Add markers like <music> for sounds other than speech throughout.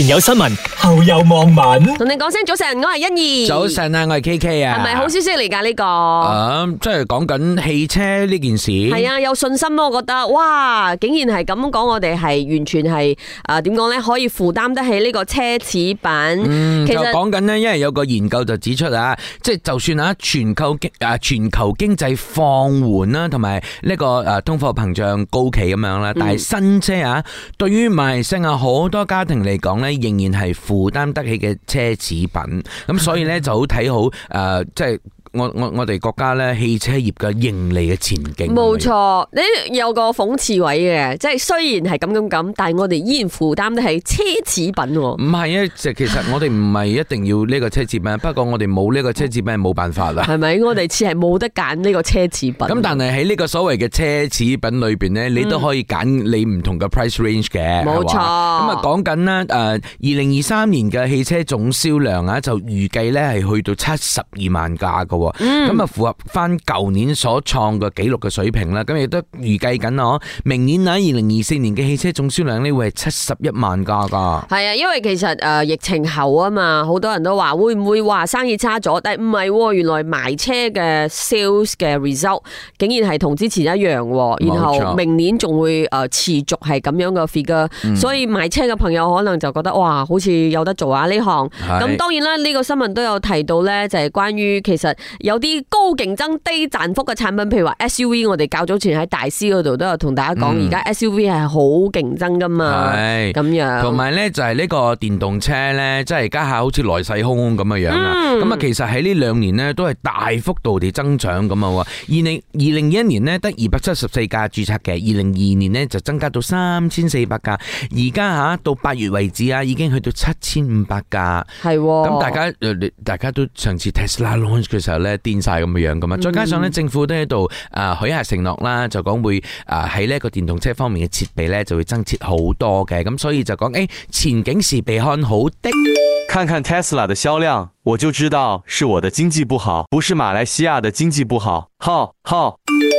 前有新聞，後有網民。同你講聲早晨，我係欣怡。早晨啊，我係 K K 啊。係咪好消息嚟噶呢個？即係講緊汽車呢件事。係啊,啊，有信心咯、啊，我覺得哇，竟然係咁講，我哋係完全係啊，點講呢？可以負擔得起呢個奢侈品。嗯、其實講緊呢，因為有個研究就指出啊，即係就算啊，全球經啊全球經濟放緩啦、啊，同埋呢個、啊、通貨膨脹高企咁樣啦，但係新車啊，嗯、對於馬來西亞啊好多家庭嚟講呢仍然係負擔得起嘅奢侈品，咁所以咧就看好睇好，誒，即、呃、係。就是我我我哋國家咧汽車業嘅盈利嘅前景，冇錯。你有個諷刺位嘅，即係雖然係咁咁咁，但係我哋依然負擔得起奢侈品喎。唔係啊，其實我哋唔係一定要呢個奢侈品， <laughs> 不過我哋冇呢個奢侈品係冇辦法啦。係咪？我哋似係冇得揀呢個奢侈品。咁 <laughs> 但係喺呢個所謂嘅奢侈品裏邊咧，你都可以揀你唔同嘅 price range 嘅。冇錯。咁啊，講緊啦，誒，二零二三年嘅汽車總銷量啊，就預計咧係去到七十二萬架個咁啊，嗯、符合翻舊年所創嘅紀錄嘅水平啦。咁亦都預計緊啊，明年喺二零二四年嘅汽車總銷量呢會係七十一萬架㗎、嗯。係啊，因為其實誒疫情後啊嘛，好多人都話會唔會話生意差咗，但係唔係喎。原來賣車嘅 sales 嘅 result 竟然係同之前一樣，然後明年仲會誒持續係咁樣嘅 figure、嗯。所以賣車嘅朋友可能就覺得哇，好似有得做啊呢行。咁是當然啦，呢個新聞都有提到咧，就係關於其實。有啲高競爭低賺幅嘅產品，譬如話 SUV，我哋較早前喺大師嗰度都有同大家講，而家 SUV 係好競爭噶嘛，咁是樣。同埋咧就係呢個電動車咧，即係而家下好似來勢洶洶咁嘅樣啊。咁啊、嗯，其實喺呢兩年呢，都係大幅度地增長咁啊。二零二一年呢得二百七十四架注冊嘅，二零二二年呢就增加到三千四百架，而家吓到八月為止啊，已經去到七千五百架，係喎、哦。咁大家大家都上次 Tesla launch 嘅時候。咧癲晒咁嘅樣噶嘛，再加上咧政府都喺度啊許下承諾啦，就講會啊喺呢個電動車方面嘅設備咧就會增設好多嘅，咁所以就講誒、欸、前景是被看好的。看看 Tesla 的銷量，我就知道是我的經濟不好，不是馬來西亞的經濟不好。吓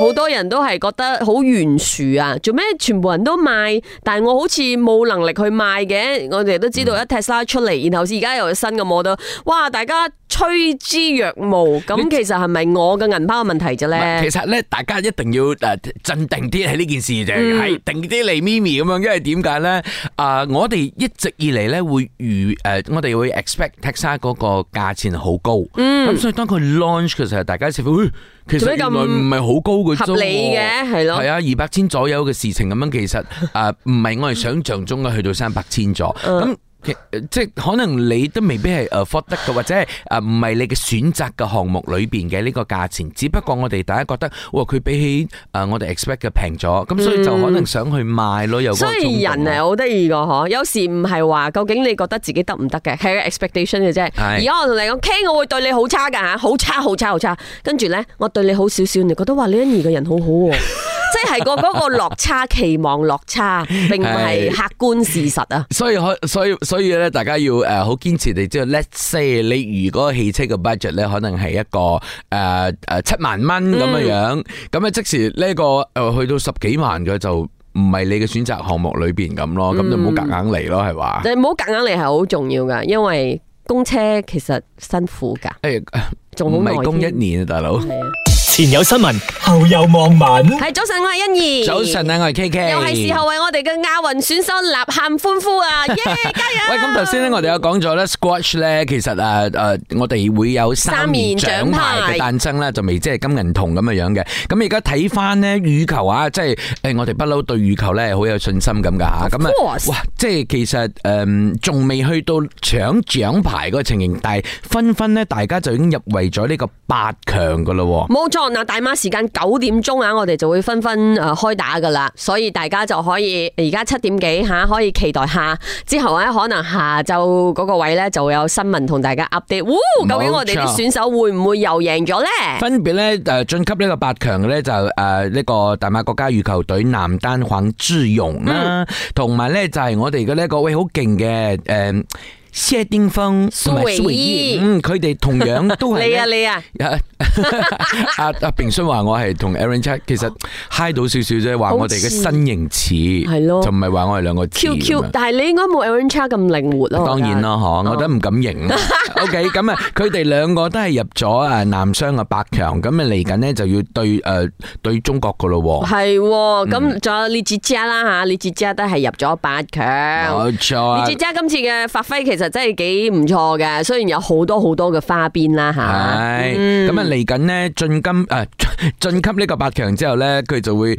好多人都係覺得好懸殊啊！做咩全部人都賣，但係我好似冇能力去賣嘅。我哋都知道一 Tesla 出嚟，然後而家又有新嘅 model，我都哇大家，趨之若鶩，咁其實係咪我嘅銀包嘅問題啫咧？其實咧，大家一定要誒鎮定啲喺呢件事，就係定啲嚟咪咪咁樣。因為點解咧？啊，我哋一直以嚟咧會預誒，我哋會 expect Tesla 嗰個價錢好高。嗯，咁所以當佢 launch 嘅時候，大家食會其實原來唔係好高嘅。合理嘅係咯，係啊，二百千左右嘅事情咁樣，其實誒唔係我哋想象中嘅去到三百千咗。嗯。即係可能你都未必係誒 afford 得嘅，或者係誒唔係你嘅選擇嘅項目裏邊嘅呢個價錢。只不過我哋大家覺得，哇，佢比起誒我哋 expect 嘅平咗，咁所以就可能想去買咯。又所以人係好得意個嗬，有時唔係話究竟你覺得自己得唔得嘅，係個 expectation 嘅啫。而家我同你講，K 我會對你好差噶吓，好差好差好差，跟住咧我對你好少少，你覺得話李欣宜嘅人好好喎。即係個嗰個落差，期望落差，並唔係客觀事實啊！所以可所以所以咧，大家要誒好堅持地知道 let's say。你如果汽車嘅 budget 咧，可能係一個誒誒七萬蚊咁嘅樣，咁啊即時呢個誒去到十幾萬嘅就唔係你嘅選擇項目裏邊咁咯，咁就唔好夾硬嚟咯，係嘛？你唔好夾硬嚟係好重要噶，因為公車其實辛苦噶，仲未供一年啊，大佬。前有新聞，後有網民。係早晨，我係欣宜。早晨啊，我係 K K。又係時候為我哋嘅亞運選手呐喊歡呼啊！耶、yeah,，加油！ <laughs> 喂，咁頭先咧，我哋有講咗咧，squash 咧，其實誒誒，我哋會有三面獎牌嘅誕生咧，就未即係金銀銅咁嘅樣嘅。咁而家睇翻呢，羽球啊，即係誒，我哋不嬲對羽球咧，好有信心咁噶吓。咁啊，哇，即係其實誒，仲、呃、未去到搶獎牌個情形，但係紛紛呢，大家就已經入圍咗呢個八強噶啦。冇錯。嗱，大馬時間九點鐘啊，我哋就會紛紛誒開打噶啦，所以大家就可以而家七點幾吓、啊，可以期待下之後咧，可能下晝嗰個位咧就會有新聞同大家 update、哦。嗚，究竟我哋啲選手會唔會又贏咗呢？冇錯。分別咧誒晉級呢個八強嘅咧就誒、是、呢、呃這個大馬國家羽球隊男單黃智勇啦，同埋咧就係、是、我哋嘅呢個位好勁嘅誒。謝定峰、蘇維伊，嗯，佢哋同樣都係你啊，你啊，阿阿平叔話我係同 Aaron Chai，其實 high 到少少啫，話我哋嘅身形似，係咯，就唔係話我哋兩個字。但係你應該冇 Aaron Chai 咁靈活咯，當然啦，嗬，我都唔敢認。OK，咁啊，佢哋兩個都係入咗誒男雙嘅八強，咁啊嚟緊呢就要對誒對中國噶咯，係，咁仲有李梓嘉啦吓，李梓嘉都係入咗八強，冇錯。李梓嘉今次嘅發揮其實。其實真係幾唔錯嘅，雖然有好多好多嘅花邊啦吓。係是，咁、嗯、啊嚟緊呢進金誒晉級呢個八強之後呢，佢就會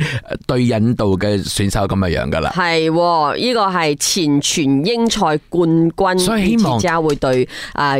對印度嘅選手咁嘅樣噶啦。係，呢個係前全英賽冠軍，所以希望之後會對啊。啊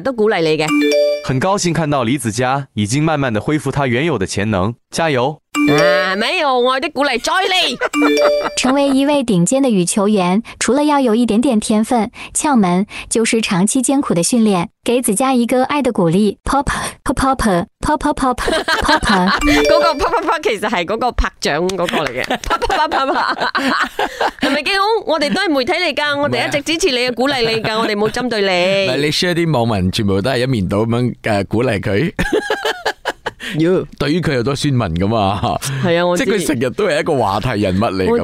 都鼓勵你嘅。很高興看到李子嘉已經慢慢的恢復他原有的潛能，加油！啊，沒有我的鼓勵，加油嘞！ <laughs> 成為一位頂尖的羽球員，除了要有一點點天分，竅門就是長期艱苦的訓練。給子嘉一個愛的鼓勵，pop pop pop pop pop pop pop pop，嗰個 pop pop pop 其實係嗰 o 拍 p 嗰個嚟嘅，pop pop pop，係咪驚？我哋都係媒體嚟噶， <laughs> 我哋一直支持你， <laughs> 鼓勵你噶，我哋冇針對你。 <laughs> 你 share 啲網全部都係一面倒誒、呃，鼓勵佢， <laughs> You. 對於佢有多宣文噶嘛？係啊，我即係佢成日都係一個話題人物嚟噶嘛？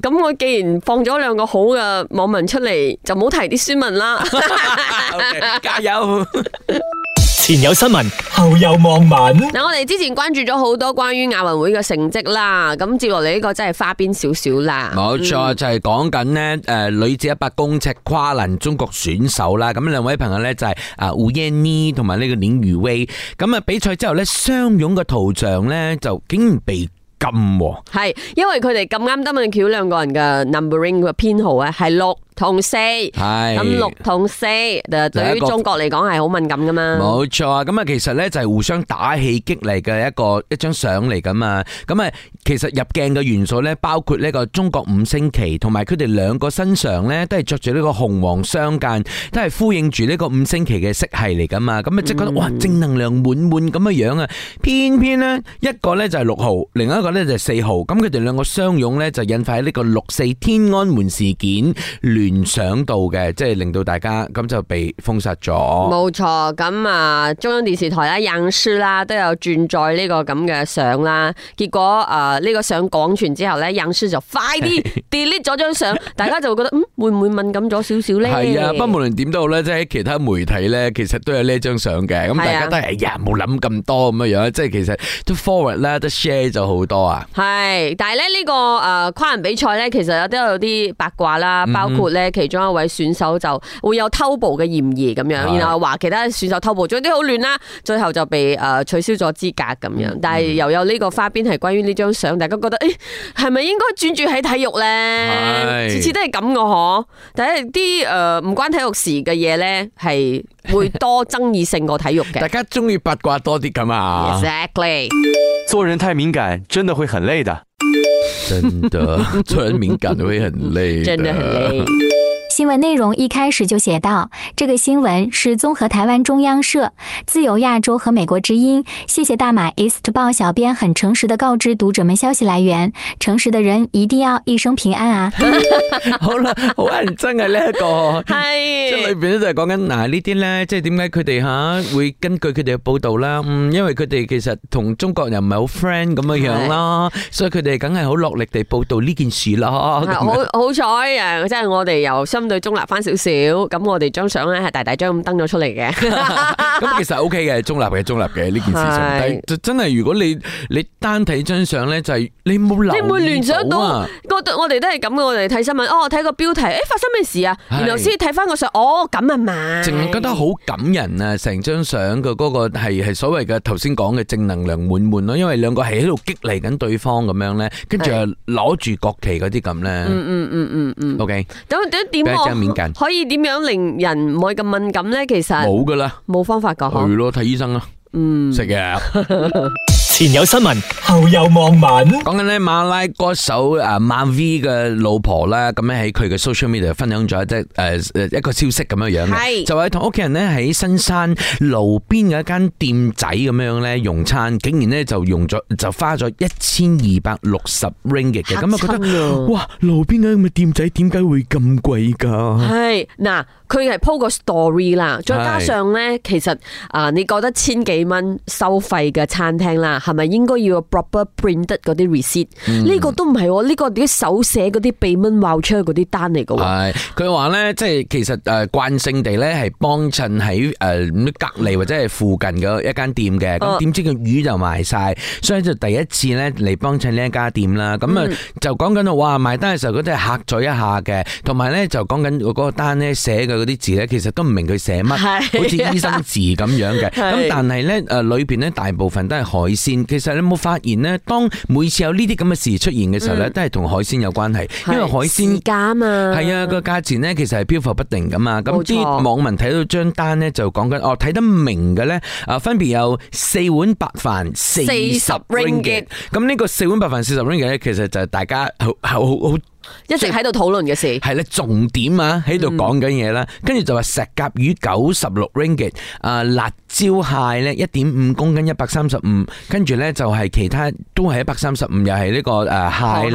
咁我,吧我既然放咗兩個好嘅網民出嚟，就冇提啲宣文啦。 <laughs> <laughs> okay, 加油！ <laughs> 前有新聞，後有網民。嗱，我哋之前關注咗好多關於亞運會嘅成績啦，咁接落嚟呢個真係花邊少少啦。冇錯，就係講緊咧，誒，女子一百公尺跨欄中國選手啦，咁兩位朋友咧就係啊，吳燕妮同埋呢個林雨薇。咁啊，比賽之後咧，相擁嘅圖像咧就竟然被禁。係，因為佢哋咁啱得咁巧，兩個人嘅 numbering 嘅編號啊，係六。同四、係、咁六同四，誒，對於中國嚟講係好敏感噶嘛？冇錯啊！咁啊，其實咧就係互相打氣激勵嘅一個一張相嚟噶嘛。咁啊，其實入鏡嘅元素咧，包括呢個中國五星旗，同埋佢哋兩個身上咧都係着住呢個紅黃相間，都係呼應住呢個五星旗嘅色系嚟噶嘛。咁啊，即係覺得哇，正能量滿滿咁嘅樣啊！偏偏呢一個咧就係六號，另外一個咧就係四號。咁佢哋兩個相擁咧，就引發喺呢個六四天安門事件聯。聯想到嘅，即係令到大家咁就被封殺咗。冇錯，咁啊中央電視台啦、印書啦，都有轉載呢個咁嘅相啦。結果誒呢個相廣傳之後咧，印書就快啲 delete 咗張相，大家就會覺得嗯會唔會敏感咗少少咧？係啊，不過無論點都好咧，即係其他媒體咧，其實都有呢張相嘅。咁大家都係哎呀冇諗咁多咁樣樣，即係其實都 forward 啦都 share 咗好多啊。係，但係咧呢個誒跨人比賽咧，其實有都有啲八卦啦，包括。咧，其中一位選手就會有偷步嘅嫌疑咁樣，然後話其他選手偷步，咗啲好亂啦，最後就被誒、呃、取消咗資格咁樣。但係又有呢個花邊係關於呢張相，大家覺得誒係咪應該轉住喺體育咧？次是的 次都係咁嘅嗬。但係啲誒唔關體育事嘅嘢咧，係會多爭議性過體育嘅。 <laughs> 大家中意八卦多啲咁啊？Exactly。做人太敏感，真的會很累的。 <laughs> 真的，突然敏感就會很累， <laughs> 真的很累。新聞內容一開始就寫到，這個新聞是綜合台灣中央社、自由亞洲和美國之音。謝謝大馬 East 報小編很誠實的告知讀者們消息來源。誠實的人一定要一生平安啊！ <laughs> <laughs> 好啦，我真係呢個，即係 <laughs> 是裏邊都、啊、就係講緊嗱呢啲咧，即係點解佢哋吓會根據佢哋嘅報道啦？嗯，因為佢哋其實同中國人唔係好 friend 咁樣樣啦，是所以佢哋梗係好落力地報道呢件事啦。是樣好好彩啊，即係我哋由相對中立翻少少，咁我哋張相咧係大大張咁登咗出嚟嘅。咁其實 O K 嘅，中立嘅中立嘅呢件事情。但係真係如果你你單睇張相咧，就係你冇你冇聯想到，我我哋都係咁，我哋睇新聞哦，睇個標題，誒發生咩事啊？然後先睇翻個相，哦咁啊嘛。淨係覺得好感人啊！成張相嘅嗰個係係所謂嘅頭先講嘅正能量滿滿咯，因為兩個係喺度激勵緊對方咁樣咧，跟住又攞住國旗嗰啲咁咧。嗯嗯嗯嗯嗯。O K。咁點點？哦、可以點樣令人唔會咁敏感咧？其實冇㗎啦，冇方法噶，去咯睇醫生啦，嗯吃吧，食藥。前有新聞，後有網民。講緊咧馬拉歌手誒 m V 嘅老婆啦。咁樣喺佢嘅 social media 分享咗一啲誒誒一個消息咁樣樣就係同屋企人咧喺新山路邊嘅一間店仔咁樣咧用餐，竟然咧就用咗就花咗一千二百六十 ringgit 嘅，咁啊覺得哇，路邊嘅咁店仔點解會咁貴噶？係嗱，佢係鋪個 story 啦，再加上咧，是其實啊、呃，你覺得千幾蚊收費嘅餐廳啦？係咪應該要有 proper printed 嗰啲 receipt 呢個都唔係喎，呢、這個啲手寫嗰啲被蚊咬出嗰啲單嚟㗎喎。係佢話咧，即係其實誒慣、呃、性地咧係幫襯喺誒隔離或者係附近嘅一間店嘅。咁點、呃、知個魚就賣晒，所以就第一次咧嚟幫襯呢一家店啦。咁啊、嗯、就講緊到哇埋單嘅時候嗰啲係嚇咗一下嘅，同埋咧就講緊個嗰個單咧寫嘅嗰啲字咧，其實都唔明佢寫乜，是好似醫生字咁樣嘅。咁是但係咧誒裏邊咧大部分都係海鮮。其實你有冇發現呢？當每次有呢啲咁嘅事出現嘅時候咧，嗯、都係同海鮮有關係，是因為海鮮價嘛，係啊，個價錢呢其實係漂浮不定噶嘛。咁啲錯網民睇到張單呢，就講緊哦，睇得明嘅咧，啊分別有四碗白飯四十 ringgit。咁呢個四碗白飯四十 ringgit 咧，Ringgit, 其實就係大家好好好。好好一直喺度討論嘅事是的，係啦重點啊，喺度講緊嘢啦，嗯、跟住就話石甲魚九十六 ringgit，啊辣椒蟹呢一點五公斤一百三十五，135, 跟住呢就係其他都係一百三十五，又係、嗯、呢個誒蟹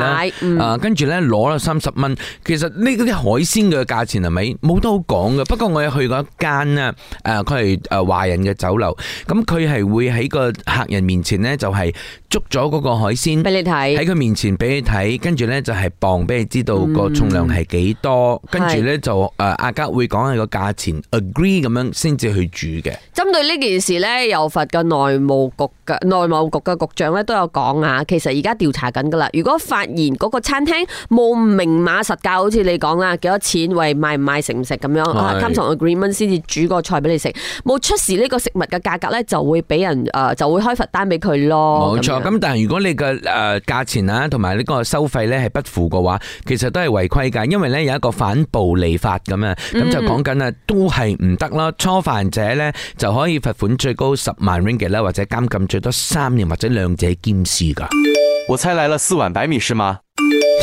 啦，跟住呢攞咗三十蚊。其實呢啲海鮮嘅價錢係咪冇得好講嘅？不過我有去過一間啊，誒佢係誒華人嘅酒樓，咁佢係會喺個客人面前呢就係、是。捉咗嗰個海鮮俾你睇，喺佢面前俾你睇，跟住咧就係磅俾你知道個重量係幾多，跟住咧就誒阿家會講下個價錢，agree 咁樣先至去煮嘅。針對呢件事咧，柔佛嘅內務局嘅內務局嘅局長咧都有講啊，其實而家調查緊噶啦。如果發現嗰個餐廳冇明碼實價，好似你講啦，幾多錢，喂，賣唔賣食唔食咁樣啊，come from agreement 先至煮個菜俾你食，冇出示呢個食物嘅價格咧，就會俾人誒就會開罰單俾佢咯。冇錯。咁但係如果你嘅誒價錢啊，同埋呢個收費咧係不符嘅話，其實都係違規嘅，因為咧有一個反暴利法咁啊，咁就講緊啊都係唔得啦。初犯者咧就可以罰款最高十萬 ringgit 咧，或者監禁最多三年或者兩者兼施噶。我猜來了四碗白米，是嗎？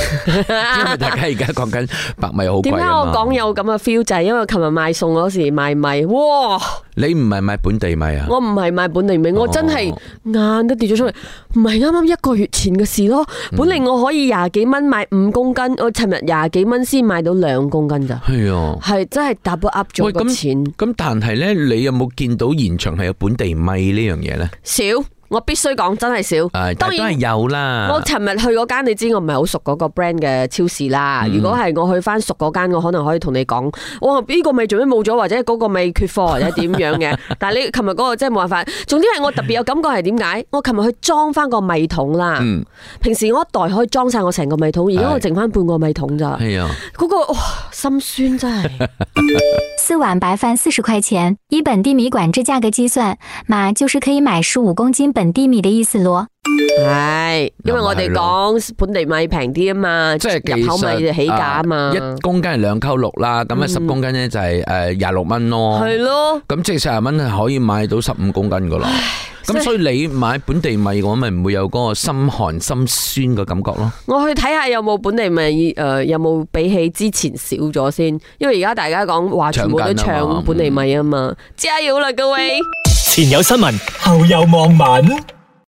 <laughs> 因為大家而家講緊白米好貴啊嘛，點解我講有咁嘅 feel 就係因為琴日買餸嗰時買米，哇！你唔係買本地米啊？我唔係買本地米，哦、我真係眼都跌咗出去。唔係啱啱一個月前嘅事咯，本嚟我可以廿幾蚊買五公斤，我琴日廿幾蚊先買到兩公斤咋。係啊，係真係 double up 咗個錢。咁但係咧，你有冇見到現場係有本地米呢樣嘢咧？少。我必須講真係少，是當然係有啦。我尋日去嗰間，你知我唔係好熟嗰個 brand 嘅超市啦。嗯、如果係我去翻熟嗰間，我可能可以同你講，哇，呢、這個咪做咩冇咗，或者嗰個咪缺貨，或者點樣嘅。 <laughs> 但係你尋日嗰個真係冇辦法。總之係我特別有感覺係點解？我尋日去裝翻個米桶啦。嗯、平時我一袋可以裝晒我成個米桶，而家我剩翻半個米桶咋？係啊是的、那個，嗰個哇，心酸真係。 <laughs> 四碗白飯四十塊錢，以本地米管制價格計算，買就是可以買十五公斤。本地米的意思咯，係，因為我哋講本地米平啲啊嘛，即係入口米就起價啊嘛，一公斤係兩扣六啦，咁啊十公斤咧就係誒廿六蚊咯，係咯，咁即係四十蚊係可以買到十五公斤噶咯，咁所以你買本地米我咪唔會有嗰個心寒心酸嘅感覺咯。我去睇下有冇本地米誒，有冇比起之前少咗先，因為而家大家講話全部都搶本地米啊嘛，加油啦各位！前有新聞，後有網民。